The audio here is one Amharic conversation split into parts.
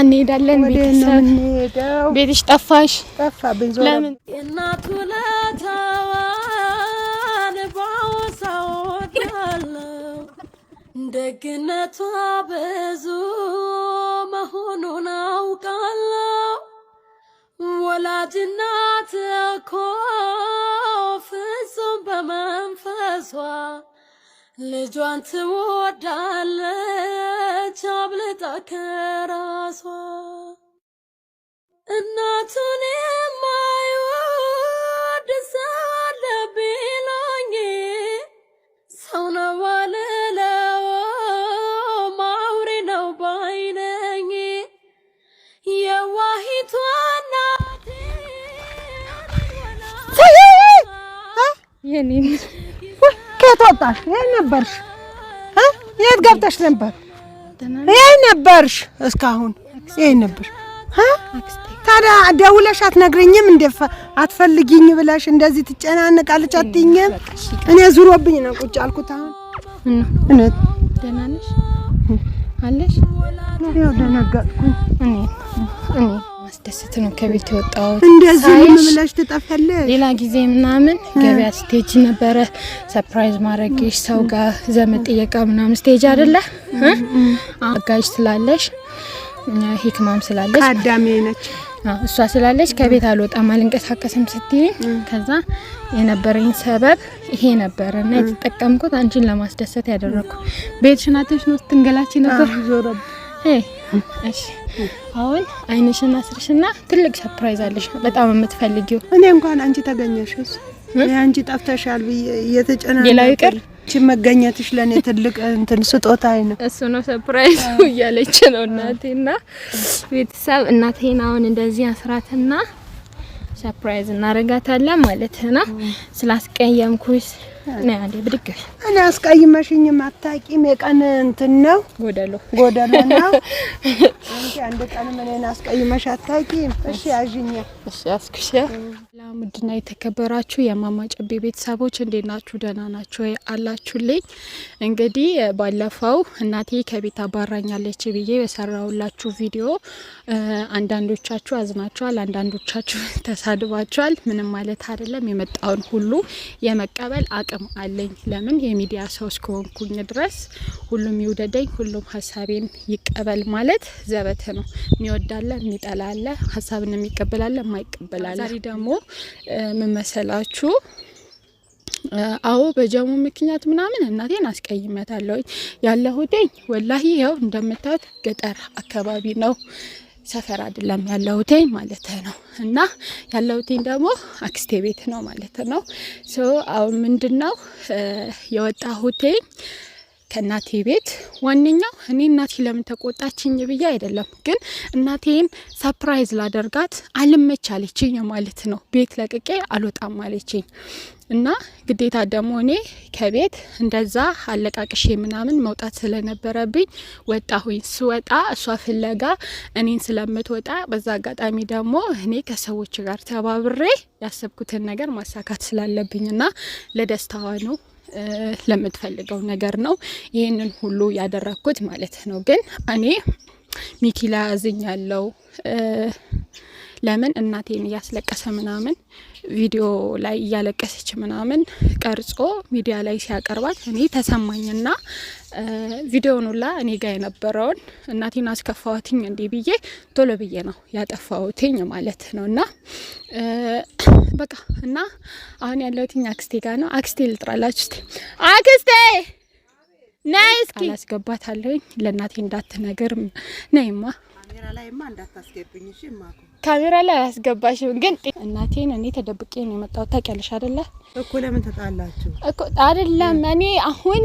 እንሄዳለን። ቤተሰብ ቤትሽ ጠፋሽ ለምን? ደግነቷ ብዙ መሆኑን አውቃለሁ። ወላጅናት እኮ ፍጹም በመንፈሷ ልጇን ትወዳለች አብልጣ ከራሷ እናቱን የማይወድ ሰው አለ ቢሎኝ ሰው ነው ባልለው ማውሬ ነው ባይነኝ የዋሂቷ እናቴ የት ወጣሽ? የት ነበርሽ? የት ገብተሽ ነበር? የት ነበርሽ? እስካሁን የት ነበርሽ? ታዲያ ደውለሽ አትነግረኝም? እንደ አትፈልጊኝ ብለሽ እንደዚህ ትጨናነቃለች አትይኝም? እኔ ዙሮብኝ ነው ቁጭ አልኩት። አሁን እውነት ደህና ነሽ አለሽ? ደነገጥኩኝ እኔ እኔ ስለተከሰተ ነው ከቤት የወጣሁት። እንደዚህ ምን ብለሽ ትጠፊያለሽ? ሌላ ጊዜ ምናምን ገበያ ስቴጅ ነበረ ሰርፕራይዝ ማድረግሽ ሰው ጋር ዘመድ ጥየቃ ምናምን ስቴጅ አይደለ አጋዥ ስላለሽ ሂክማም ስላለሽ አዳሜ ነች እሷ ስላለች ከቤት አልወጣም አልንቀሳቀስም ስትይኝ፣ ከዛ የነበረኝ ሰበብ ይሄ ነበረ እና የተጠቀምኩት አንቺን ለማስደሰት ያደረግኩ ቤት ሽናቶች ነው ስትንገላች ነበር። እሺ አሁን አይንሽና ስርሽና ትልቅ ሰርፕራይዝ አለሽ፣ በጣም የምትፈልጊው። እኔ እንኳን አንቺ ተገኘሽ እሱ አንቺ ጠፍተሻል ብዬ እየተጨናነኩ ሌላው ይቅር አንቺ መገኘትሽ ለእኔ ትልቅ እንትን ስጦታ ነው። እሱ ነው ሰርፕራይዝ እያለች ነው እናቴና ቤተሰብ። እናቴን አሁን እንደዚህ አስራትና ሰርፕራይዝ እናረጋታለን ማለት ነው። ስላስቀየምኩሽ እኔ አስቀይመሽኝም አታውቂም። የቀን እንትን ነው ጎደሎ ጎደሎ ነው። አንቺ አንድ ቀንም እኔን አስቀይመሽ አታውቂም። እሺ አዥኛ እሺ አስኩሽ። ሰላም ውድና የተከበራችሁ የማማ ጨቤ ቤተሰቦች እንዴት ናችሁ? ደህና ናችሁ አላችሁልኝ? እንግዲህ ባለፈው እናቴ ከቤት አባራኛለች ብዬ የሰራውላችሁ ቪዲዮ አንዳንዶቻችሁ አዝናችኋል፣ አንዳንዶቻችሁ ተሳድባችኋል። ምንም ማለት አይደለም። የመጣውን ሁሉ የመቀበል አቅ አቅም አለኝ። ለምን የሚዲያ ሰው እስከሆንኩኝ ድረስ ሁሉም ይውደደኝ፣ ሁሉም ሀሳቤን ይቀበል ማለት ዘበት ነው። የሚወዳለ የሚጠላለ፣ ሀሳብን የሚቀበላለ፣ የማይቀበላለ። ዛሬ ደግሞ ምመሰላችሁ አዎ በጀሙ ምክንያት ምናምን እናቴን አስቀይመታለሁኝ። ያለሁደኝ ወላሂ ይኸው እንደምታት ገጠር አካባቢ ነው። ሰፈር አይደለም ሆቴል ማለት ነው። እና ያለሁት ደግሞ አክስቴ ቤት ነው ማለት ነው። ሶ አሁን ምንድነው የወጣሁት ከእናቴ ቤት ዋነኛው እኔ እናቴ ለምን ተቆጣችኝ ብዬ አይደለም፣ ግን እናቴን ሰፕራይዝ ላደርጋት አልመች አለችኝ ማለት ነው። ቤት ለቅቄ አልወጣም አለችኝ እና ግዴታ ደግሞ እኔ ከቤት እንደዛ አለቃቅሼ ምናምን መውጣት ስለነበረብኝ ወጣሁኝ። ስወጣ እሷ ፍለጋ እኔን ስለምትወጣ በዛ አጋጣሚ ደግሞ እኔ ከሰዎች ጋር ተባብሬ ያሰብኩትን ነገር ማሳካት ስላለብኝ እና ለደስታዋ ነው ለምትፈልገው ነገር ነው ይህንን ሁሉ ያደረግኩት ማለት ነው። ግን እኔ ሚኪላ ላይ ያለው። ለምን እናቴን እያስለቀሰ ምናምን ቪዲዮ ላይ እያለቀሰች ምናምን ቀርጾ ሚዲያ ላይ ሲያቀርባት እኔ ተሰማኝና ቪዲዮውን ሁላ እኔ ጋር የነበረውን እናቴን አስከፋወትኝ እንዲህ ብዬ ቶሎ ብዬ ነው ያጠፋውትኝ ማለት ነው። እና በቃ እና አሁን ያለሁትኝ አክስቴ ጋር ነው። አክስቴ ልጥራላችሁ ስ አክስቴ ነይ እስኪ አላስገባታለሁኝ። ለእናቴ እንዳትነግር ነይማ፣ ካሜራ ላይማ እንዳታስገብኝ እሺ። ማኩ ካሜራ ላይ አያስገባሽም። ግን እናቴን እኔ ተደብቄ ነው የመጣሁት። ታውቂያለሽ አይደለ እኮ። ለምን ተጣላችሁ እኮ? አይደለም እኔ አሁን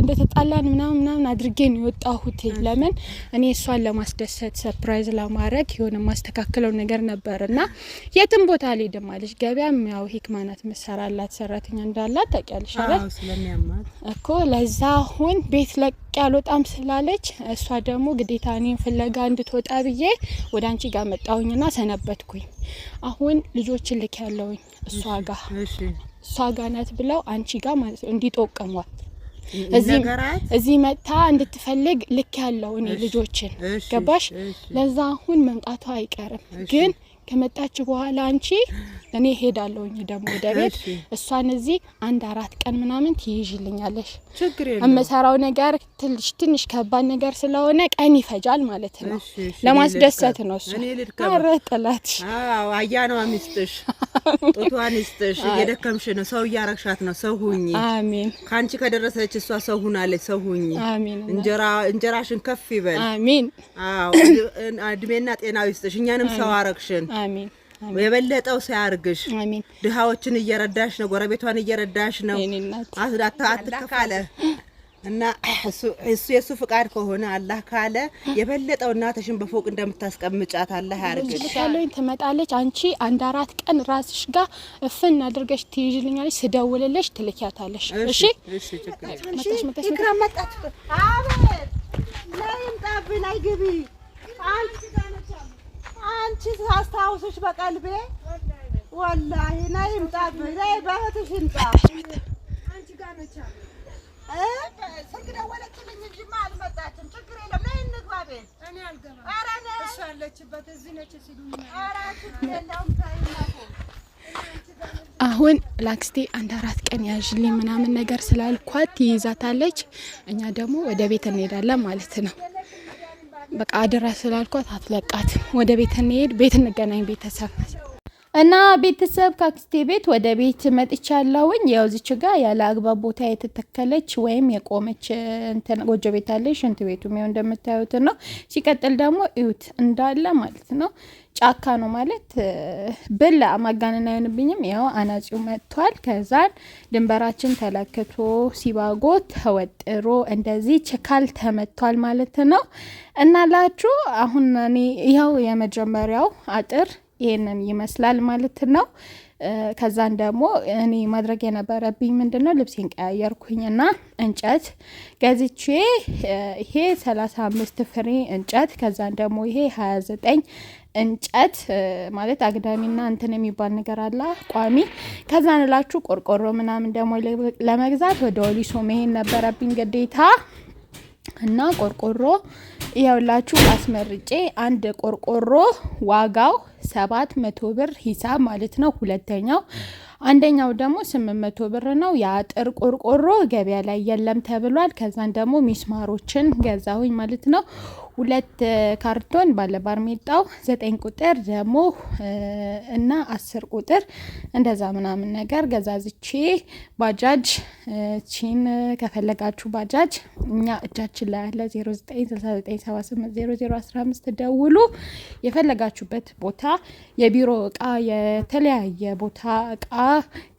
እንደ ተጣላን ምናምን ምናምን አድርጌ ነው የወጣሁት። ለምን እኔ እሷን ለማስደሰት ሰርፕራይዝ ለማድረግ የሆነ ማስተካከለው ነገር ነበር እና የትም ቦታ አልሄድም አለች። ገበያም ያው ሂክማ ናት መሰራላት ሰራተኛ እንዳላት ታውቂያለሽ አይደል እኮ። ለዛ አሁን ቤት ለቅ አልወጣም ስላለች እሷ ደግሞ ግዴታ እኔን ፍለጋ እንድትወጣ ብዬ ወደ አንቺ ጋር መጣሁኝና ሰነበትኩኝ። አሁን ልጆችን ልክ ያለውኝ እሷ ጋር እሷ ጋር ናት ብለው አንቺ ጋር ማለት ነው እንዲጠቀሟት እዚህ መጥታ እንድትፈልግ ልክ ያለው እኔ ልጆችን ገባሽ? ለዛ አሁን መምጣቷ አይቀርም ግን ከመጣች በኋላ አንቺ እኔ ሄዳለሁኝ ደግሞ ወደ ቤት። እሷን እዚህ አንድ አራት ቀን ምናምን ትይዥልኛለሽ። የምሰራው ነገር ትንሽ ትንሽ ከባድ ነገር ስለሆነ ቀን ይፈጃል ማለት ነው። ለማስደሰት ነው እሱ። ኧረ ጥላት አያነዋ አሚስጥሽ ጡቷን ይስጥሽ። እየደከምሽ ነው። ሰው እያረግሻት ነው። ሰው ሁኝ። አሜን። ከአንቺ ከደረሰች እሷ ሰው ሁናለች። ሰው ሁኝ። አሜን። እንጀራሽን ከፍ ይበል። አሜን። እድሜና ጤና ይስጥሽ። እኛንም ሰው አረግሽን። አሜን። የበለጠው ሳያርግሽ ድሃዎችን እየረዳሽ ነው። ጎረቤቷን እየረዳሽ ነው። አትከፋለ እና እሱ የእሱ ፍቃድ ከሆነ አላህ ካለ የበለጠው እናትሽን በፎቅ እንደምታስቀምጫት አላህ ያርግልሽ። ትመጣለች። አንቺ አንድ አራት ቀን ራስሽ ጋር እፍን አድርገሽ ትይዥልኛለሽ። ስደውልልሽ ትልኪያታለሽ። እሺ ይክራ መጣች። አቤት ላይ ይምጣብኝ፣ ላይ ግቢ አንቺ አስታውስሽ በቀልቤ ወላሂ ነይ ይምጣ ነይ በእህትሽ ይምጣ ስልክ ደወለችልኝ እንጂማ አልመጣችም። ችግር የለም ነይ እንግባ ቤት። እሷ አለችበት እዚህ ነች ሲሉኝ አሁን ላክስቴ አንድ አራት ቀን ያዥልኝ ምናምን ነገር ስላልኳት ትይዛታለች። እኛ ደግሞ ወደ ቤት እንሄዳለን ማለት ነው። በቃ አደራ ስላልኳት አትለቃት። ወደ ቤት እንሄድ፣ ቤት እንገናኝ ቤተሰብ እና ቤተሰብ ካክስቴ ቤት ወደ ቤት መጥቻለሁኝ። ያው እዚች ጋ ያለ አግባብ ቦታ የተተከለች ወይም የቆመች ጎጆ ቤት አለ። ሽንት ቤቱ ሚሆን እንደምታዩት ነው። ሲቀጥል ደግሞ እዩት እንዳለ ማለት ነው ጫካ ነው ማለት ብላ ማጋነን አይሆንብኝም። ያው አናጺው መጥቷል። ከዛን ድንበራችን ተለክቶ ሲባጎ ተወጥሮ እንደዚህ ችካል ተመቷል ማለት ነው እና ላችሁ አሁን እኔ ያው የመጀመሪያው አጥር ይሄንን ይመስላል ማለት ነው። ከዛን ደግሞ እኔ ማድረግ የነበረብኝ ምንድን ነው ልብሴን ቀያየርኩኝና እንጨት ገዝቼ ይሄ ሰላሳ አምስት ፍሬ እንጨት ከዛን ደግሞ ይሄ ሀያ ዘጠኝ እንጨት ማለት አግዳሚና እንትን የሚባል ነገር አለ ቋሚ። ከዛን እላችሁ ቆርቆሮ ምናምን ደግሞ ለመግዛት ወደ ወሊሶ መሄድ ነበረብኝ ግዴታ እና ቆርቆሮ ይኸውላችሁ አስመርጬ አንድ ቆርቆሮ ዋጋው ሰባት መቶ ብር ሂሳብ ማለት ነው። ሁለተኛው አንደኛው ደግሞ ስምንት መቶ ብር ነው። የአጥር ቆርቆሮ ገበያ ላይ የለም ተብሏል። ከዛን ደግሞ ሚስማሮችን ገዛሁኝ ማለት ነው። ሁለት ካርቶን ባርሜጣው ዘጠኝ ቁጥር ደግሞ እና አስር ቁጥር እንደዛ ምናምን ነገር ገዛዝቼ ባጃጅ ቺን ከፈለጋችሁ ባጃጅ እኛ እጃችን ላይ ያለ 0969780015 ደውሉ። የፈለጋችሁበት ቦታ የቢሮ እቃ፣ የተለያየ ቦታ እቃ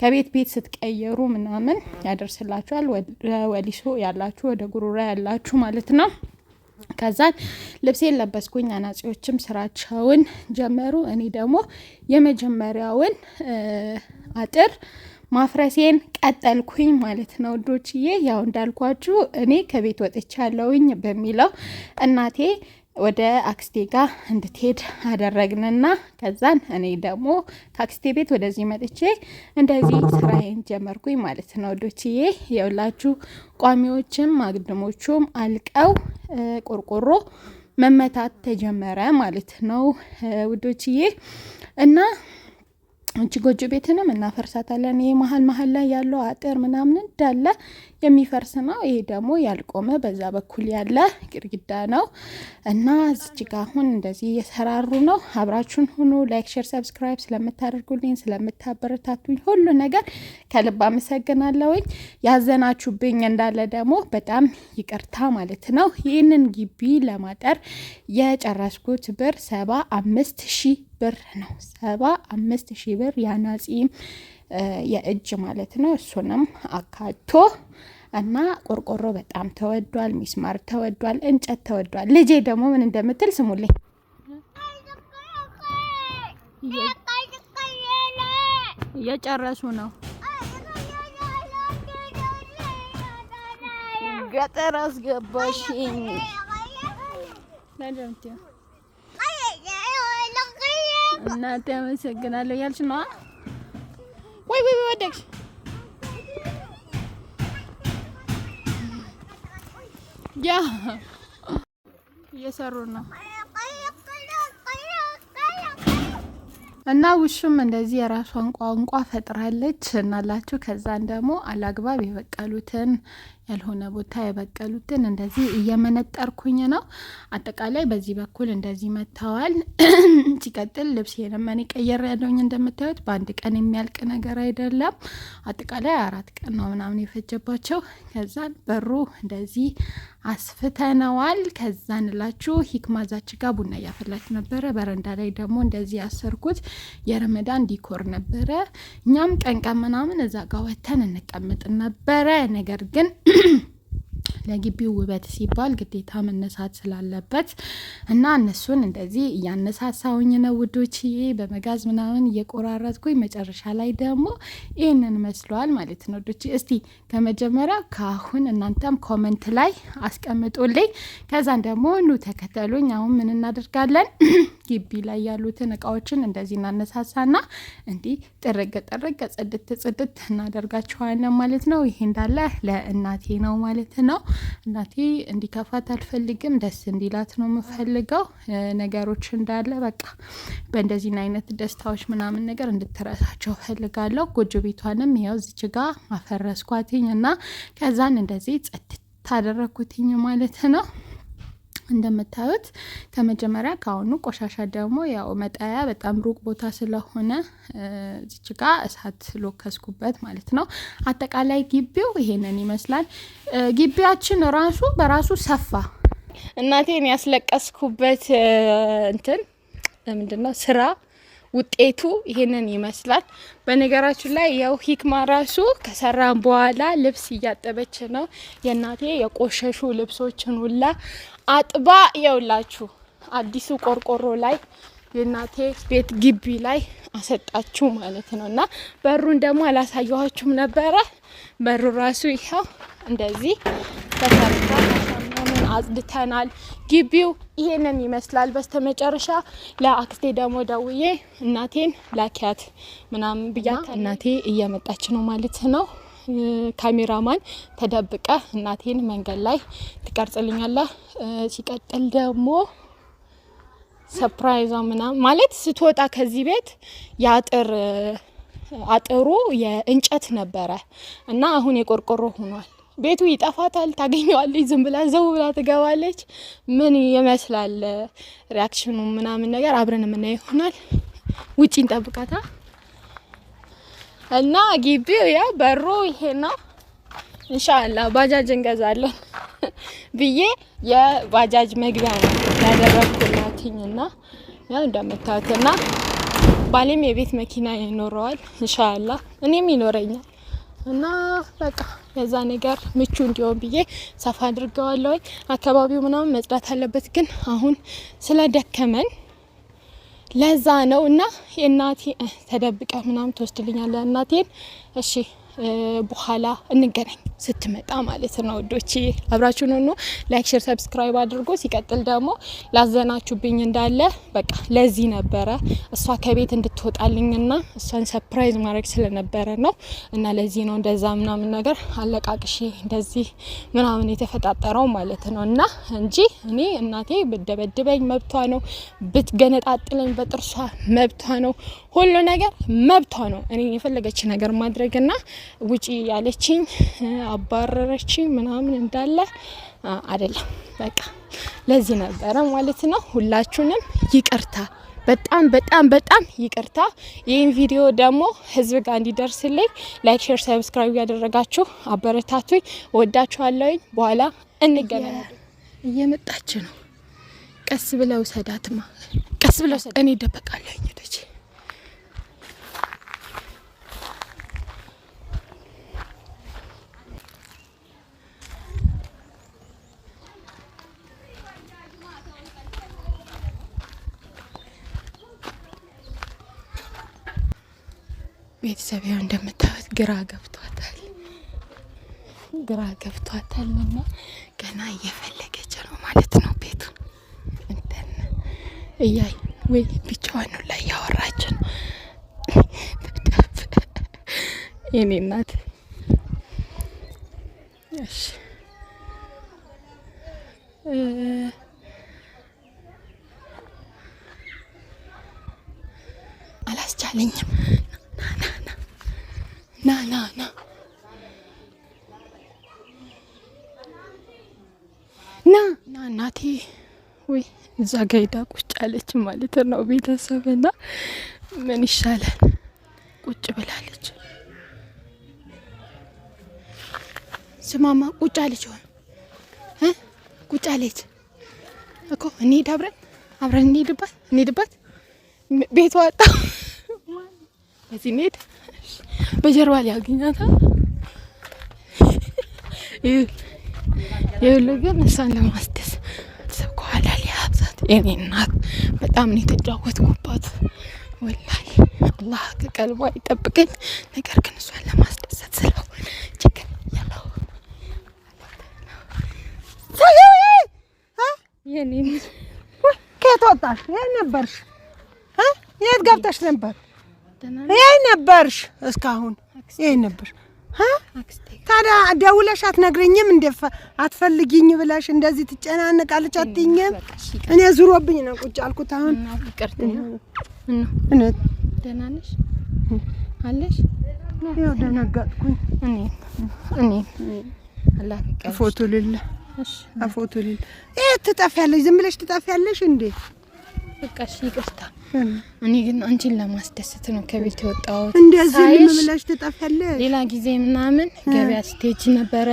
ከቤት ቤት ስትቀየሩ ምናምን ያደርስላችኋል። ወሊሶ ያላችሁ ወደ ጉሩራ ያላችሁ ማለት ነው። ከዛን ልብሴን ለበስኩኝ። አናጺዎችም ስራቸውን ጀመሩ። እኔ ደግሞ የመጀመሪያውን አጥር ማፍረሴን ቀጠልኩኝ ማለት ነው ዶችዬ ያው እንዳልኳችሁ እኔ ከቤት ወጥቻለሁኝ በሚለው እናቴ ወደ አክስቴ ጋር እንድትሄድ አደረግንና ከዛን እኔ ደግሞ ከአክስቴ ቤት ወደዚህ መጥቼ እንደዚህ ስራዬን ጀመርኩኝ ማለት ነው ዶችዬ። የውላችሁ ቋሚዎችም አግድሞቹም አልቀው ቆርቆሮ መመታት ተጀመረ ማለት ነው ውዶችዬ እና እቺ ጎጆ ቤትንም እናፈርሳታለን። ይህ መሀል መሀል ላይ ያለው አጥር ምናምን እንዳለ የሚፈርስ ነው። ይሄ ደግሞ ያልቆመ በዛ በኩል ያለ ግድግዳ ነው እና እዚች ጋ አሁን እንደዚህ እየሰራሩ ነው። አብራችሁን ሁኑ። ላይክ፣ ሼር፣ ሰብስክራይብ ስለምታደርጉልኝ ስለምታበረታቱኝ ሁሉ ነገር ከልብ አመሰግናለሁኝ። ያዘናችሁብኝ እንዳለ ደግሞ በጣም ይቅርታ ማለት ነው። ይህንን ግቢ ለማጠር የጨረስኩት ብር ሰባ አምስት ሺህ ብር ነው። ሰባ አምስት ሺህ ብር የአናጺ የእጅ ማለት ነው። እሱንም አካቶ እና ቆርቆሮ በጣም ተወዷል። ሚስማር ተወዷል። እንጨት ተወዷል። ልጄ ደግሞ ምን እንደምትል ስሙልኝ። እየጨረሱ ነው። ገጠር አስገባሽኝ እናቴ አመሰግናለሁ እያልሽ ነዋ። ወይ ወይ ወደቅሽ። ያ እየሰሩ ነው። እና ውሹም እንደዚህ የራሷን ቋንቋ ፈጥራለች እናላችሁ። ከዛን ደግሞ አላግባብ የበቀሉትን ያልሆነ ቦታ የበቀሉትን እንደዚህ እየመነጠርኩኝ ነው። አጠቃላይ በዚህ በኩል እንደዚህ መጥተዋል። ሲቀጥል ልብስ የለመን ቀየር ያለውኝ እንደምታዩት በአንድ ቀን የሚያልቅ ነገር አይደለም። አጠቃላይ አራት ቀን ነው ምናምን የፈጀባቸው። ከዛን በሩ እንደዚህ አስፍተነዋል። ከዛ ንላችሁ ሂክማ ዛች ጋር ቡና እያፈላች ነበረ። በረንዳ ላይ ደግሞ እንደዚህ ያሰርኩት የረመዳን ዲኮር ነበረ። እኛም ቀንቀን ምናምን እዛ ጋር ወተን እንቀምጥ ነበረ ነገር ግን ለግቢው ውበት ሲባል ግዴታ መነሳት ስላለበት እና እነሱን እንደዚህ እያነሳሳውኝ ነው ውዶች፣ በመጋዝ ምናምን እየቆራረጥኩኝ መጨረሻ ላይ ደግሞ ይህንን መስሏል ማለት ነው ውዶች። እስቲ ከመጀመሪያ ከአሁን እናንተም ኮመንት ላይ አስቀምጡልኝ። ከዛን ደግሞ ኑ ተከተሉኝ። አሁን ምን እናደርጋለን? ግቢ ላይ ያሉትን እቃዎችን እንደዚህ እናነሳሳና እንዲህ ጥርግ ጥርግ ጽድት ጽድት እናደርጋቸዋለን ማለት ነው። ይሄ እንዳለ ለእናቴ ነው ማለት ነው። እናቴ እንዲከፋት አልፈልግም፣ ደስ እንዲላት ነው የምፈልገው። ነገሮች እንዳለ በቃ በእንደዚህ አይነት ደስታዎች ምናምን ነገር እንድትረሳቸው ፈልጋለሁ። ጎጆ ቤቷንም ያው ዝች ጋ አፈረስኳትኝ እና ከዛን እንደዚህ ጸድት ታደረግኩትኝ ማለት ነው። እንደምታዩት ከመጀመሪያ ከአሁኑ ቆሻሻ ደግሞ ያው መጣያ በጣም ሩቅ ቦታ ስለሆነ እዚች ጋ እሳት ሎከስኩበት ማለት ነው። አጠቃላይ ግቢው ይሄንን ይመስላል። ግቢያችን ራሱ በራሱ ሰፋ። እናቴን ያስለቀስኩበት እንትን ምንድን ስራ ውጤቱ ይሄንን ይመስላል። በነገራችን ላይ ያው ሂክማ ራሱ ከሰራን በኋላ ልብስ እያጠበች ነው። የእናቴ የቆሸሹ ልብሶችን ሁላ አጥባ የውላችሁ አዲሱ ቆርቆሮ ላይ የእናቴ ቤት ግቢ ላይ አሰጣችሁ ማለት ነው። እና በሩን ደግሞ አላሳየኋችሁም ነበረ። በሩ ራሱ ይኸው እንደዚህ ተሰርቷል። አጽድተናል። ግቢው ይሄንን ይመስላል። በስተመጨረሻ ለአክስቴ ደግሞ ደውዬ እናቴን ላኪያት ምናምን ብያት እናቴ እየመጣች ነው ማለት ነው። ካሜራማን ተደብቀ እናቴን መንገድ ላይ ትቀርጽልኛለ። ሲቀጥል ደግሞ ሰፕራይዟ ምናምን ማለት ስትወጣ ከዚህ ቤት የአጥር አጥሩ የእንጨት ነበረ እና አሁን የቆርቆሮ ሆኗል። ቤቱ ይጠፋታል፣ ታገኘዋለች፣ ዝም ብላ ዘው ብላ ትገባለች። ምን ይመስላል ሪያክሽኑ ምናምን ነገር አብረን የምናየው ይሆናል። ውጪ እንጠብቃታ እና ግቢው ያ በሮ ይሄ ነው። እንሻላ ባጃጅ እንገዛለን ብዬ የባጃጅ መግቢያ ነው ያደረኩላትኝና ያው እንደምታዩትና ባሌም የቤት መኪና ይኖረዋል እንሻላ እኔም ይኖረኛል እና በቃ ለዛ ነገር ምቹ እንዲሆን ብዬ ሰፋ አድርገዋለሁ። አካባቢው ምናምን መጽዳት አለበት፣ ግን አሁን ስለደከመን ለዛ ነው እና የእናቴ ተደብቀ ምናምን ትወስድልኛለ እናቴን እሺ በኋላ እንገናኝ ስትመጣ ማለት ነው። ወዶች አብራችሁን ሆኖ ላይክ፣ ሼር፣ ሰብስክራይብ አድርጎ ሲቀጥል ደግሞ ላዘናችሁብኝ እንዳለ በቃ ለዚህ ነበረ እሷ ከቤት እንድትወጣልኝና እሷን ሰፕራይዝ ማድረግ ስለነበረ ነው እና ለዚህ ነው እንደዛ ምናምን ነገር አለቃቅሽ እንደዚህ ምናምን የተፈጣጠረው ማለት ነው እና እንጂ እኔ እናቴ ብደበድበኝ መብቷ ነው፣ ብትገነጣጥለኝ በጥርሷ መብቷ ነው፣ ሁሉ ነገር መብቷ ነው። እኔ የፈለገች ነገር ማድረግና ውጪ ያለችኝ አባረረችኝ ምናምን እንዳለ አይደለም። በቃ ለዚህ ነበረ ማለት ነው። ሁላችሁንም ይቅርታ በጣም በጣም በጣም ይቅርታ። ይህን ቪዲዮ ደግሞ ህዝብ ጋር እንዲደርስልኝ ላይክ፣ ሼር፣ ሰብስክራይብ ያደረጋችሁ አበረታቱኝ። ወዳችኋለሁኝ። በኋላ እንገናኛለን። እየመጣች ነው። ቀስ ብለው ሰዳትማ፣ ቀስ ብለው ሰዳት። እኔ ደበቃለሁኝ ልጅ ቤተሰቢያ እንደምታዩት ግራ ገብቷታል፣ ግራ ገብቷታል እና ገና እየፈለገች ነው ማለት ነው። ቤቱ እንትን እያይ ወይ ብቻዋን ላይ እያወራች ነው የኔ እናት እናቴ ወይ እዛ ጋ ሄዳ ቁጭ አለች ማለት ነው። ቤተሰብ ና ምን ይሻላል ቁጭ ብላለች። ስማማ ቁጭ አለች ሆን ቁጭ አለች እኮ እንሂድ፣ አብረን አብረን እንሂድባት እንሂድባት ቤት ዋጣ በዚህ እንሂድ በጀርባ ላይ ያገኛታል። ይህ ግን እሷን ለማስደስ የኔ እናት በጣም ነው የተጫወትኩባት። ወላይ አላህ ከቀልቧ ይጠብቅን። ነገር ግን እሷን ለማስደሰት ስለሆነ ችግር ያለው ከየት ወጣሽ? የት ነበርሽ? የት ገብተሽ ነበር? የት ነበርሽ? እስካሁን የት ነበርሽ? ታዲያ ደውለሽ አትነግረኝም? እንደ አትፈልጊኝ ብለሽ እንደዚህ ትጨናነቃለች። አትይኝም? እኔ ዙሮብኝ ነው ቁጭ አልኩት። አሁን ደህና ነሽ አለሽ? ያው ደነገጥኩኝ። እኔ ፎቶ ልል አፎቶ ልል ይህ ትጠፊያለሽ፣ ዝም ብለሽ ትጠፊያለሽ እንዴ? በቃ ይቅርታ እኔ ግን አንቺን ለማስደሰት ነው ከቤት የወጣሁት። እንደዚህ ምን ብለሽ ሌላ ጊዜ ምናምን ገበያ ስቴጅ ነበረ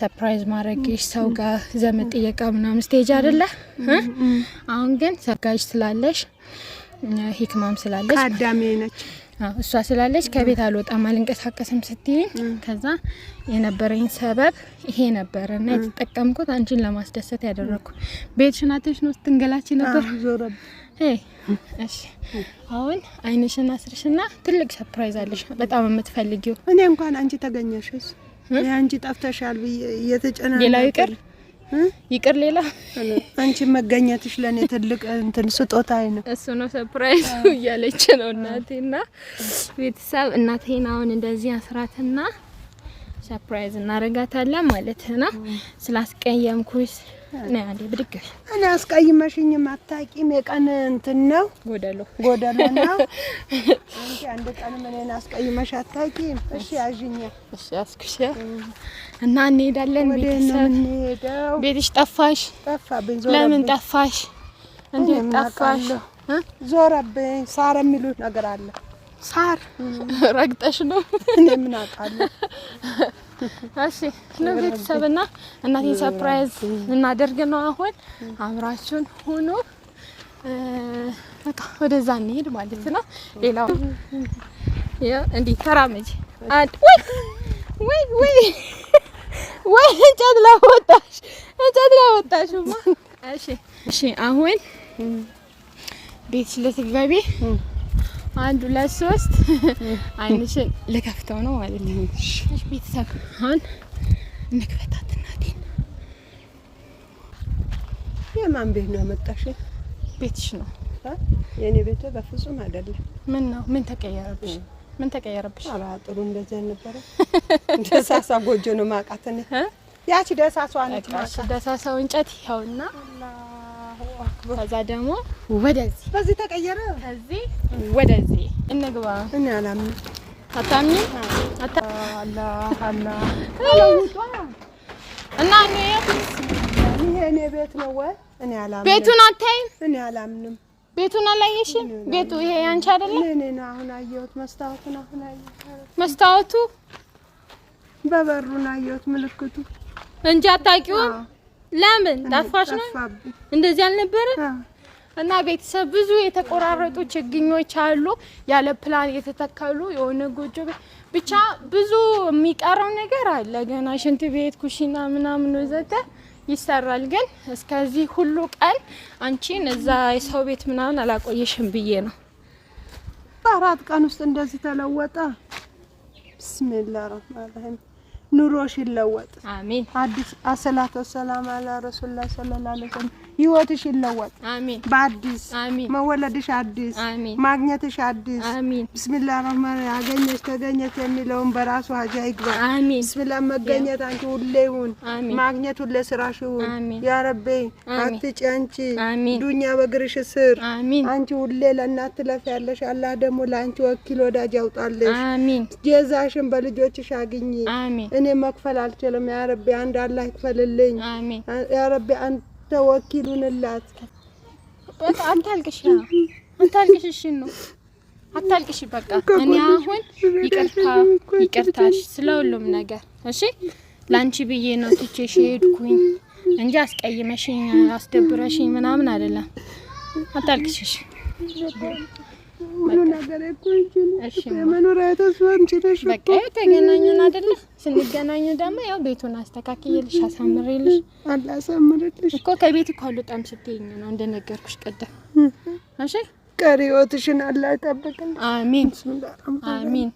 ሰርፕራይዝ ማድረግሽ ሰው ጋር ዘመድ ጥየቃ ምናምን ስቴጅ አይደለ? አሁን ግን ሰጋጅ ስላለሽ ሂክማም ስላለሽ ቀዳሜ ነች እሷ ስላለች ከቤት አልወጣም አልንቀሳቀስም ስትይኝ፣ ከዛ የነበረኝ ሰበብ ይሄ ነበረ እና የተጠቀምኩት አንቺን ለማስደሰት ያደረግኩ ቤት ሽናትሽ ነው ስትንገላች ነበር ዞረብ እሺ አሁን አይንሽን አስርሽና ትልቅ ሰርፕራይዝ አለሽ፣ በጣም የምትፈልጊው። እኔ እንኳን አንቺ ተገኘሽ፣ አንቺ ጠፍተሻል ብዬ እየተጨናነኩ ሌላው ይቅር ይቅር ሌላ አንቺ መገኘትሽ ለእኔ ትልቅ እንትን ስጦታ ነው። እሱ ነው ሰርፕራይዙ እያለች ነው እናቴና ቤተሰብ እናቴን አሁን እንደዚህ አስራትና ሰርፕራይዝ እናረጋታለን ማለት ነው። ስላስቀየምኩሽ ነው ያለ ብድግ እኔ አስቀይመሽኝም አታውቂም። የቀን እንትን ነው ጎደሎ ጎደሎ ነው። አንቺ አንድ ቀን እኔን አስቀይመሽ አታውቂም። እሺ ያዥኝ፣ እሺ ያዝኩሽ እና እንሄዳለን። ቤተሰብ ቤትሽ ጠፋሽ፣ ጠፋብኝ። ለምን ጠፋሽ? እንዴት ጠፋሽ? ዞረብኝ። ሳረ የሚሉት ነገር አለ ሳር ረግጠሽ ነው። እኔ ምን አውቃለሁ። እሺ ነው ቤተሰብና እናቴን ሰርፕራይዝ እናደርግ ነው። አሁን አብራችሁን ሆኖ በቃ ወደዛ እንሄድ ማለት ነው። ሌላው እንዲህ ተራመጂ። አንድ ወይ ወይ ወይ ወይ እንጨት ላወጣሽ፣ እንጨት ማ እሺ እሺ፣ አሁን ቤት ስለትገቢ አንድ ሁለት ሶስት አይንሽን ልከፍተው ነው ማለት ነው። እሺ ቤተሰብ አሁን እንክፈታት። እናቴን የማን ቤት ነው ያመጣሽ? ቤትሽ ነው። የእኔ ቤት በፍጹም አይደለም። ምን ነው ምን ተቀየረብሽ? ምን ተቀየረብሽ? ኧረ ጥሩ እንደዚያ ነበረ። ደሳሳ ጎጆ ነው ማቃተነ ያቺ ደሳሳው አንቺ ደሳሳው እንጨት ይኸውና ከዛ ደግሞ ወደዚህ በዚህ ተቀየረ። ከዚህ ወደዚህ እንግባ። እኔ አላምንም። አታምኚም? እና ይሄ እኔ ቤት ነው ወይ? እኔ አላምንም። ቤቱን አታይም? እኔ አላምንም። ቤቱን አላየሽም? ቤቱ ይሄ ያንቺ አይደለም? እኔ ነው አሁን አየሁት። መስታወቱን አሁን አየሁት። መስታወቱ በበሩን አየሁት ምልክቱ እንጂ አታውቂውም ለምን ጠፋሽ ነው? እንደዚህ አልነበረ እና ቤተሰብ ብዙ የተቆራረጡ ችግኞች አሉ፣ ያለ ፕላን የተተከሉ የሆነ ጎጆ ብቻ ብዙ የሚቀረው ነገር አለ። ገና ሽንት ቤት፣ ኩሽና ምናምን ወዘተ ይሰራል። ግን እስከዚህ ሁሉ ቀን አንቺን እዛ የሰው ቤት ምናምን አላቆየሽም ብዬ ነው። አራት ቀን ውስጥ እንደዚህ ተለወጠ። ብስሚላ ረህማን ረሂም ኑሮሽ ይለወጥ። አሚን። አዲስ አሰላቱ ወሰላም አላ ረሱላ ሰለላሁ ዐለይሂ ወሰለም ህይወትሽ ይለወጥ። አሜን። በአዲስ መወለድሽ አዲስ ማግኘትሽ አዲስ። አሜን። ቢስሚላህ ረህማን አገኘሽ ተገኘች የሚለውን በራሱ አጃ ይግባ። አሜን። ቢስሚላህ መገኘት አንቺ ሁሌ ይሁን፣ ማግኘት ሁሌ ስራሽ ይሁን። ያ ረቤ አትጨንቺ፣ ዱንያ በእግርሽ ስር። አንቺ ሁሌ ለእናት ትለፍ ያለሽ አላህ ደግሞ ለአንቺ ወኪል ወዳጅ ያውጣልሽ። አሜን። ጀዛሽን በልጆችሽ አግኝ። እኔ መክፈል አልችልም። ያ ረቢ አንድ አላህ ይክፈልልኝ። ያ ረቢ አንድ ተወኪሉንላት አታልቅሽ፣ አታልቅሽ። እሺ ነው አታልቅሽ። በቃ እኔ አሁን ይቅርታ ይቅርታሽ ስለ ሁሉም ነገር እሺ። ላንቺ ብዬ ነው ትቼሽ ሄድኩኝ እንጂ አስቀይመሽኝ አስደብረሽኝ ምናምን አይደለም። አታልቅሽ። ሁሉ ነገር እኮ እንጂ የመኖሪያ ተስፋ እንጂ ነሽ በቃ ተገናኙን አይደለ? ስንገናኙ ደግሞ ያው ቤቱን አስተካክዬልሽ አሳምሬልሽ አላሳምርልሽ እኮ ከቤት እኮ አልወጣም ስትይኝ ነው እንደነገርኩሽ ቀደም። እሺ ቀሪ ህይወትሽን አላህ ይጠብቅልሽ። አሚን አሚን።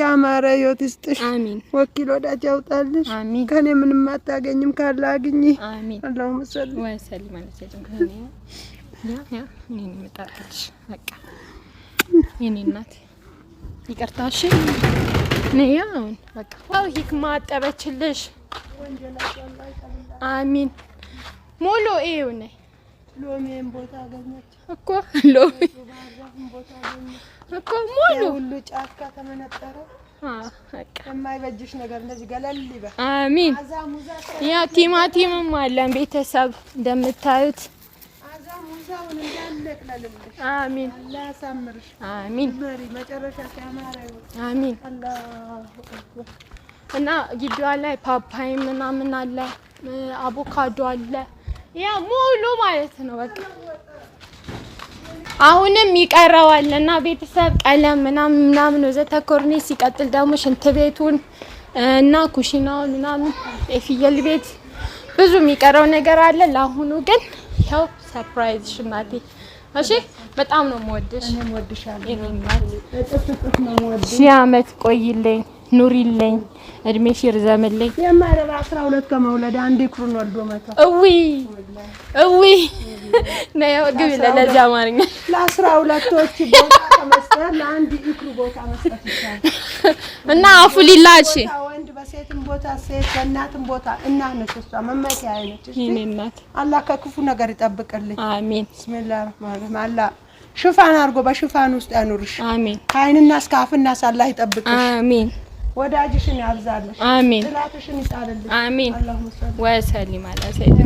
ያማረ ህይወት ይስጥሽ። አሚን። ወኪል ወዳጅ ያውጣልሽ። አሚን። ከኔ ምንም አታገኝም፣ ካለ አግኝ። አሚን። አላሁ መሰል ወሰል ማለት ያጭም ከኔ ያ ያ እኔን የምጣራልሽ በቃ የኔ እናት ይቅርታሽ። ነያ አሁን በቃ ዋው ሂክማ አጠበችልሽ። አሚን ሙሉ ይኸው ነይ ሎሚን ቦታ አገኘች እኮ ሎሚ እኮ ሙሉ ሁሉ ጫካ ተመነጠረ። የማይበጅሽ ነገር እንደዚህ ገለል ይበል። አሚን ያ ቲማቲምም አለን ቤተሰብ እንደምታዩት አሚን አሚን አሚን። እና ግቢዋ ላይ ፓፓይ ምናምን አለ፣ አቮካዶ አለ፣ ያ ሙሉ ማለት ነው በቃ አሁንም ይቀረዋል እና ቤተሰብ ቀለም ምናምን ምናምን ወዘተ ኮርኒስ፣ ሲቀጥል ደግሞ ሽንት ቤቱን እና ኩሽናውን ምናምን የፍየል ቤት ብዙ የሚቀረው ነገር አለ። ለአሁኑ ግን ይኸው ሰርፕራይዝሽ እናቴ። እሺ በጣም ነው የምወድሽ። ሺህ ዓመት ቆይልኝ፣ ኑሪልኝ፣ እድሜሽ ይርዘምልኝ። የማይረባ አስራ ሁለት ከመውለድ አንዴ ኩሩን ወልዶ መጣ። እዊ እዊ ነው ግብ ለለዛ አማርኛ ለአስራ ሁለቶች ቦታ መስጠት ለአንድ ኢክሩ ቦታ መስጠት ይቻላል እና አፉ ሊላሽ በሴትም ቦታ ሴት በእናትም ቦታ እናት ነች። እሷ መመኪያ አይነች። አላህ ከክፉ ነገር ይጠብቅልኝ። አሜን። ስሚላ ረህማን ረሂም። ሽፋን አድርጎ በሽፋን ውስጥ ያኑርሽ። አሜን። ከአይንና እስከ አፍናስ አላህ ይጠብቅሽ። አሜን። ወዳጅሽን ያብዛልሽ። አሜን። ጥላትሽን ይጣልልሽ። አሜን። ወሰሊም አላ ሴት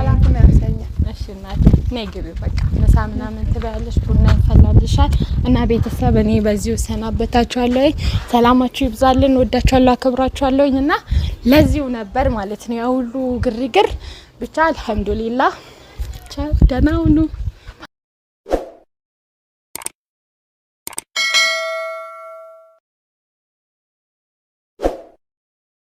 አላህ ያሰኛል። እሺ እናቴ ነግቢው በቃ ምሳ ምናምን ትበያለሽ፣ ቡና ይፈላልሻል። እና ቤተሰብ እኔ በዚሁ ሰናበታችኋለሁ። ሰላማችሁ ይብዛልን። ወዳችኋለሁ፣ አክብራችኋለሁ። እና ለዚሁ ነበር ማለት ነው ያሁሉ ግርግር ብቻ አልሐምዱሊላህ። ቻው፣ ደህና ሁኑ።